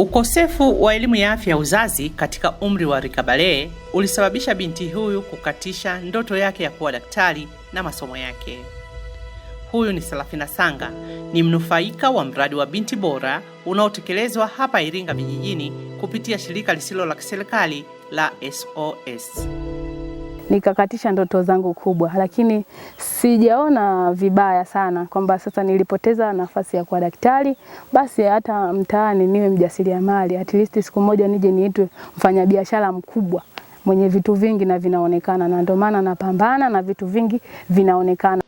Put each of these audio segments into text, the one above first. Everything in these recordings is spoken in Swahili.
Ukosefu wa elimu ya afya ya uzazi katika umri wa rikabale ulisababisha binti huyu kukatisha ndoto yake ya kuwa daktari na masomo yake. Huyu ni salafina Sanga, ni mnufaika wa mradi wa Binti Bora unaotekelezwa hapa Iringa vijijini kupitia shirika lisilo la kiserikali la SOS nikakatisha ndoto zangu kubwa, lakini sijaona vibaya sana kwamba sasa nilipoteza nafasi ya kuwa daktari, basi hata mtaani niwe mjasiriamali, at least siku moja nije niitwe mfanyabiashara mkubwa mwenye vitu vingi na vinaonekana, na ndio maana napambana na vitu vingi vinaonekana.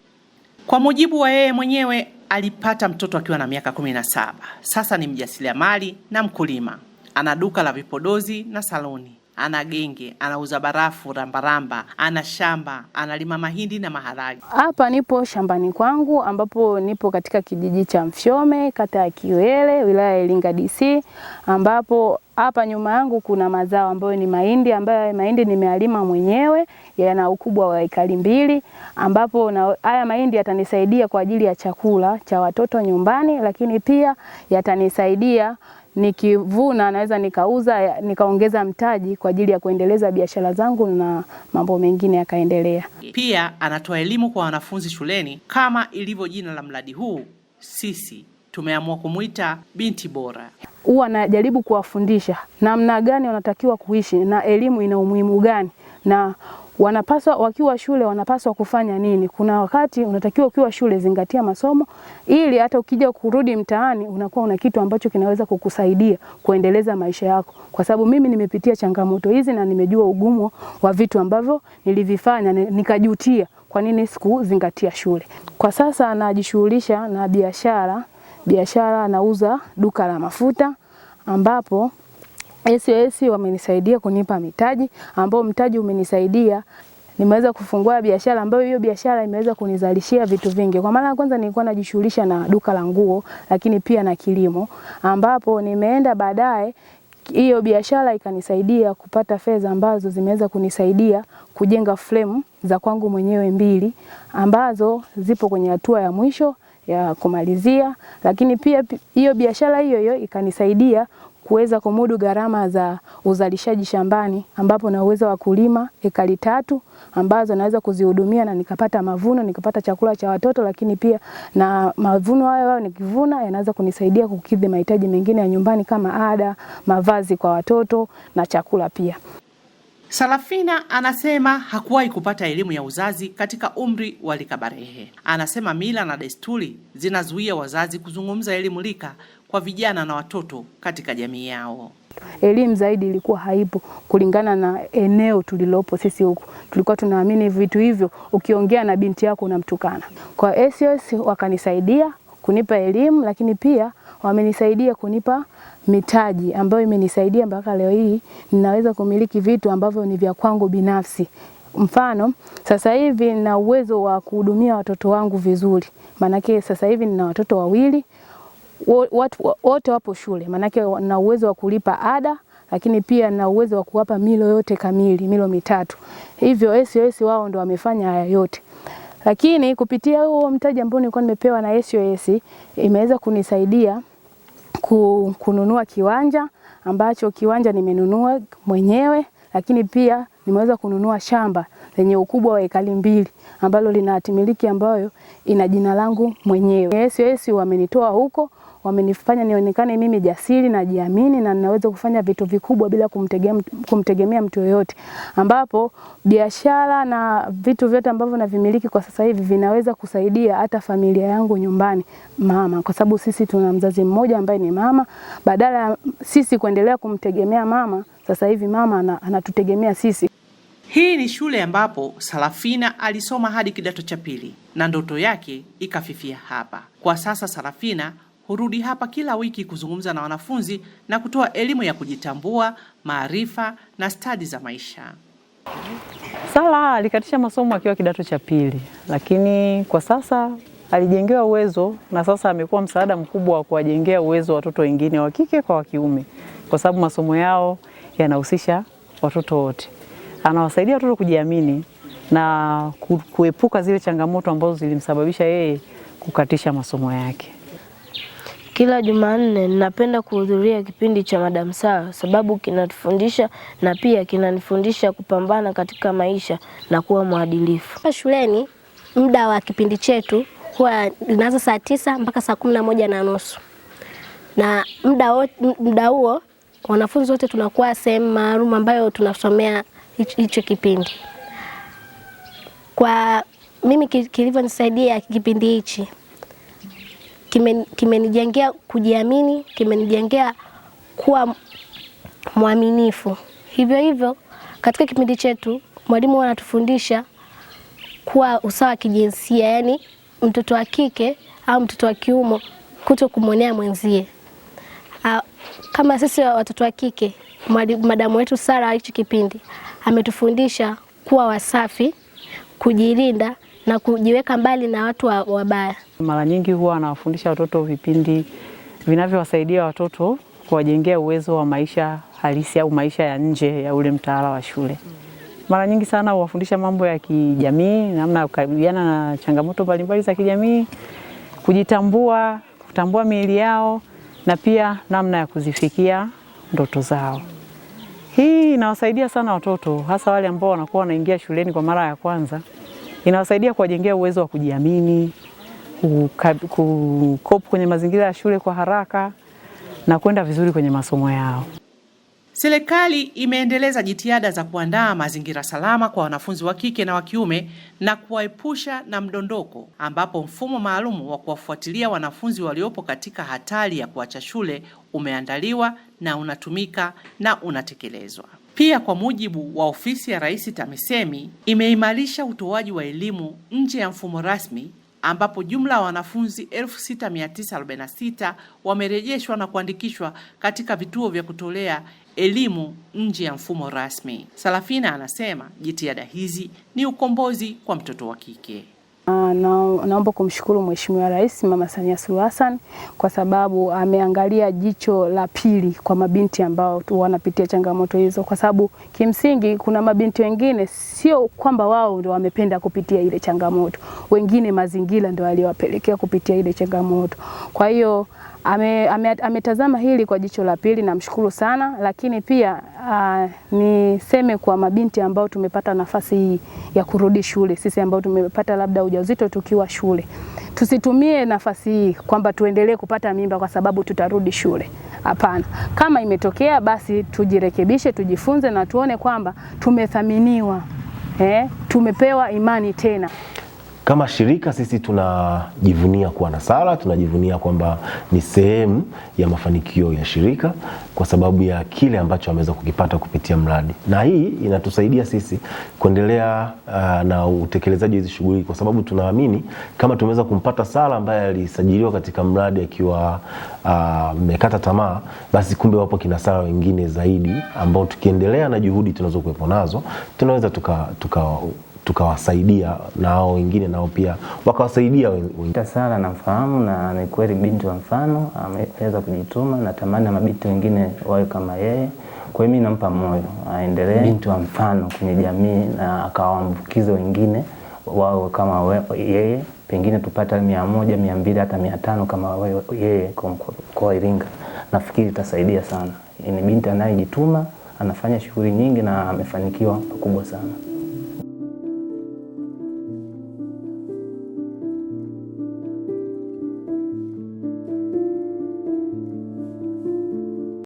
Kwa mujibu wa yeye mwenyewe, alipata mtoto akiwa na miaka kumi na saba. Sasa ni mjasiriamali na mkulima, ana duka la vipodozi na saloni ana genge, anauza barafu rambaramba, ana shamba, analima mahindi na maharage. Hapa nipo shambani kwangu ambapo nipo katika kijiji cha Mfyome, kata ya Kiwele, wilaya ya Iringa DC, ambapo hapa nyuma yangu kuna mazao ambayo ni mahindi, ambayo mahindi nimealima mwenyewe, yana ukubwa wa ekari mbili, ambapo na haya mahindi yatanisaidia kwa ajili ya chakula cha watoto nyumbani, lakini pia yatanisaidia nikivuna naweza nikauza nikaongeza mtaji kwa ajili ya kuendeleza biashara zangu na mambo mengine yakaendelea. Pia anatoa elimu kwa wanafunzi shuleni kama ilivyo jina la mradi huu, sisi tumeamua kumwita Binti Bora. Huwa anajaribu kuwafundisha namna gani wanatakiwa kuishi na elimu ina umuhimu gani na wanapaswa wakiwa shule wanapaswa kufanya nini. Kuna wakati unatakiwa ukiwa shule zingatia masomo, ili hata ukija kurudi mtaani unakuwa una kitu ambacho kinaweza kukusaidia kuendeleza maisha yako, kwa sababu mimi nimepitia changamoto hizi na nimejua ugumu wa vitu ambavyo nilivifanya nikajutia, kwa nini sikuzingatia shule. Kwa sasa najishughulisha na biashara biashara, nauza duka la mafuta ambapo SOS wamenisaidia kunipa mitaji ambao mtaji umenisaidia nimeweza kufungua biashara ambayo hiyo biashara imeweza kunizalishia vitu vingi. Kwa mara ya kwanza nilikuwa najishughulisha na duka la nguo, lakini pia na kilimo, ambapo nimeenda baadaye hiyo biashara ikanisaidia kupata fedha ambazo zimeweza kunisaidia kujenga fremu za kwangu mwenyewe mbili ambazo zipo kwenye hatua ya mwisho ya kumalizia, lakini pia hiyo biashara hiyo hiyo ikanisaidia kuweza kumudu gharama za uzalishaji shambani, ambapo na uwezo wa kulima ekari tatu ambazo naweza kuzihudumia na nikapata mavuno, nikapata chakula cha watoto, lakini pia na mavuno hayo hayo nikivuna yanaweza kunisaidia kukidhi mahitaji mengine ya nyumbani kama ada, mavazi kwa watoto na chakula pia. Sarafina anasema hakuwahi kupata elimu ya uzazi katika umri wa lika barehe. Anasema mila na desturi zinazuia wazazi kuzungumza elimu lika kwa vijana na watoto katika jamii yao. Elimu zaidi ilikuwa haipo kulingana na eneo tulilopo sisi. Huku tulikuwa tunaamini vitu hivyo, ukiongea na binti yako unamtukana. Kwa SOS wakanisaidia kunipa elimu, lakini pia wamenisaidia kunipa mitaji ambayo imenisaidia mpaka leo hii ninaweza kumiliki vitu ambavyo ni vya kwangu binafsi. Mfano, sasa hivi nina uwezo wa kuhudumia watoto wangu vizuri, maanake sasa hivi nina watoto wawili watu wote wapo shule, maanake na uwezo wa kulipa ada, lakini pia na uwezo wa kuwapa milo yote kamili, milo mitatu. Hivyo SOS wao ndo wamefanya haya yote, lakini kupitia huo mtaji ambao nilikuwa nimepewa na SOS imeweza kunisaidia kununua kiwanja ambacho kiwanja nimenunua mwenyewe, lakini pia nimeweza kununua shamba lenye ukubwa wa ekari mbili ambalo lina hati ambayo ina jina langu mwenyewe. Yesu Yesu wamenitoa huko, wamenifanya nionekane mimi jasiri na jiamini na ninaweza kufanya vitu vikubwa bila kumtegemea kumtegemea mtu yoyote, ambapo biashara na vitu vyote ambavyo navimiliki kwa sasa hivi vinaweza kusaidia hata familia yangu nyumbani, mama, kwa sababu sisi tuna mzazi mmoja ambaye ni mama. Badala ya sisi kuendelea kumtegemea mama, sasa hivi mama anatutegemea sisi. Hii ni shule ambapo Sarafina alisoma hadi kidato cha pili na ndoto yake ikafifia hapa. Kwa sasa Sarafina hurudi hapa kila wiki kuzungumza na wanafunzi na kutoa elimu ya kujitambua, maarifa na stadi za maisha. Sara alikatisha masomo akiwa kidato cha pili, lakini kwa sasa alijengewa uwezo na sasa amekuwa msaada mkubwa wa kuwajengea uwezo watoto wengine wa kike kwa wa kiume, kwa sababu masomo yao yanahusisha watoto wote anawasaidia watoto kujiamini na kuepuka zile changamoto ambazo zilimsababisha yeye kukatisha masomo yake. Kila Jumanne ninapenda kuhudhuria kipindi cha Madam Sawa sababu kinatufundisha na pia kinanifundisha kupambana katika maisha na kuwa mwadilifu. Shuleni muda wa kipindi chetu huwa linaanza saa tisa mpaka saa kumi na moja na nusu na muda huo wanafunzi wote tunakuwa sehemu maalum ambayo tunasomea hicho kipindi. Kwa mimi kilivyonisaidia kipindi hichi kimenijengea kujiamini, kimenijengea kuwa mwaminifu. Hivyo hivyo katika kipindi chetu mwalimu anatufundisha kuwa usawa wa kijinsia, yaani mtoto wa kike au mtoto wa kiume kuto kumwonea mwenzie. Ah, kama sisi watoto wa kike, madamu wetu Sara hicho kipindi ametufundisha kuwa wasafi, kujilinda na kujiweka mbali na watu wabaya. Mara nyingi huwa anawafundisha watoto vipindi vinavyowasaidia watoto kuwajengea uwezo wa maisha halisi au maisha ya nje ya ule mtaala wa shule. Mara nyingi sana huwafundisha mambo ya kijamii, namna ya kukabiliana na changamoto mbalimbali za kijamii, kujitambua, kutambua miili yao na pia namna ya kuzifikia ndoto zao. Hii inawasaidia sana watoto hasa wale ambao wanakuwa wanaingia shuleni kwa mara ya kwanza. Inawasaidia kuwajengea uwezo wa kujiamini, kukopu kwenye mazingira ya shule kwa haraka na kwenda vizuri kwenye masomo yao. Serikali imeendeleza jitihada za kuandaa mazingira salama kwa wanafunzi wa kike na wa kiume na kuwaepusha na mdondoko, ambapo mfumo maalum wa kuwafuatilia wanafunzi waliopo katika hatari ya kuacha shule umeandaliwa na unatumika na unatekelezwa. Pia kwa mujibu wa ofisi ya Rais TAMISEMI imeimarisha utoaji wa elimu nje ya mfumo rasmi ambapo jumla ya wanafunzi 6946 wamerejeshwa na kuandikishwa katika vituo vya kutolea elimu nje ya mfumo rasmi. Sarafina anasema jitihada hizi ni ukombozi kwa mtoto wa kike na, naomba kumshukuru Mheshimiwa Rais Mama Samia Suluhu Hassan kwa sababu ameangalia jicho la pili kwa mabinti ambao wanapitia changamoto hizo, kwa sababu kimsingi kuna mabinti wengine sio kwamba wao ndio wamependa kupitia ile changamoto, wengine mazingira ndio aliwapelekea kupitia ile changamoto. Kwa hiyo ametazama ame, ame hili kwa jicho la pili, namshukuru sana. Lakini pia uh, niseme kwa mabinti ambao tumepata nafasi hii ya kurudi shule, sisi ambao tumepata labda ujauzito watoto tukiwa shule. Tusitumie nafasi hii kwamba tuendelee kupata mimba kwa sababu tutarudi shule. Hapana, kama imetokea basi tujirekebishe, tujifunze na tuone kwamba tumethaminiwa, eh, tumepewa imani tena. Kama shirika sisi tunajivunia kuwa Nasara, tunajivunia kwamba ni sehemu ya mafanikio ya shirika kwa sababu ya kile ambacho ameweza kukipata kupitia mradi, na hii inatusaidia sisi kuendelea uh, na utekelezaji wa hizi shughuli, kwa sababu tunaamini kama tumeweza kumpata Sara ambaye alisajiliwa katika mradi akiwa uh, amekata uh, tamaa, basi kumbe wapo kina SALA wengine zaidi ambao tukiendelea na juhudi tunazokuwepo nazo tunaweza tuka, tuka tukawasaidia na hao wengine nao pia wakawasaidia wengine sana. Namfahamu na ni kweli binti wa mfano, ameweza kujituma, natamani mabinti wengine wawe kama yeye. Kwa hiyo mimi nampa moyo aendelee, binti wa mfano kwenye jamii, na akawaambukize wengine wawe kama we, yeye. Pengine tupata mia moja mia mbili hata mia tano kama we, yeye kwa Iringa, nafikiri itasaidia sana. Ni binti anayejituma, anafanya shughuli nyingi na amefanikiwa pakubwa sana.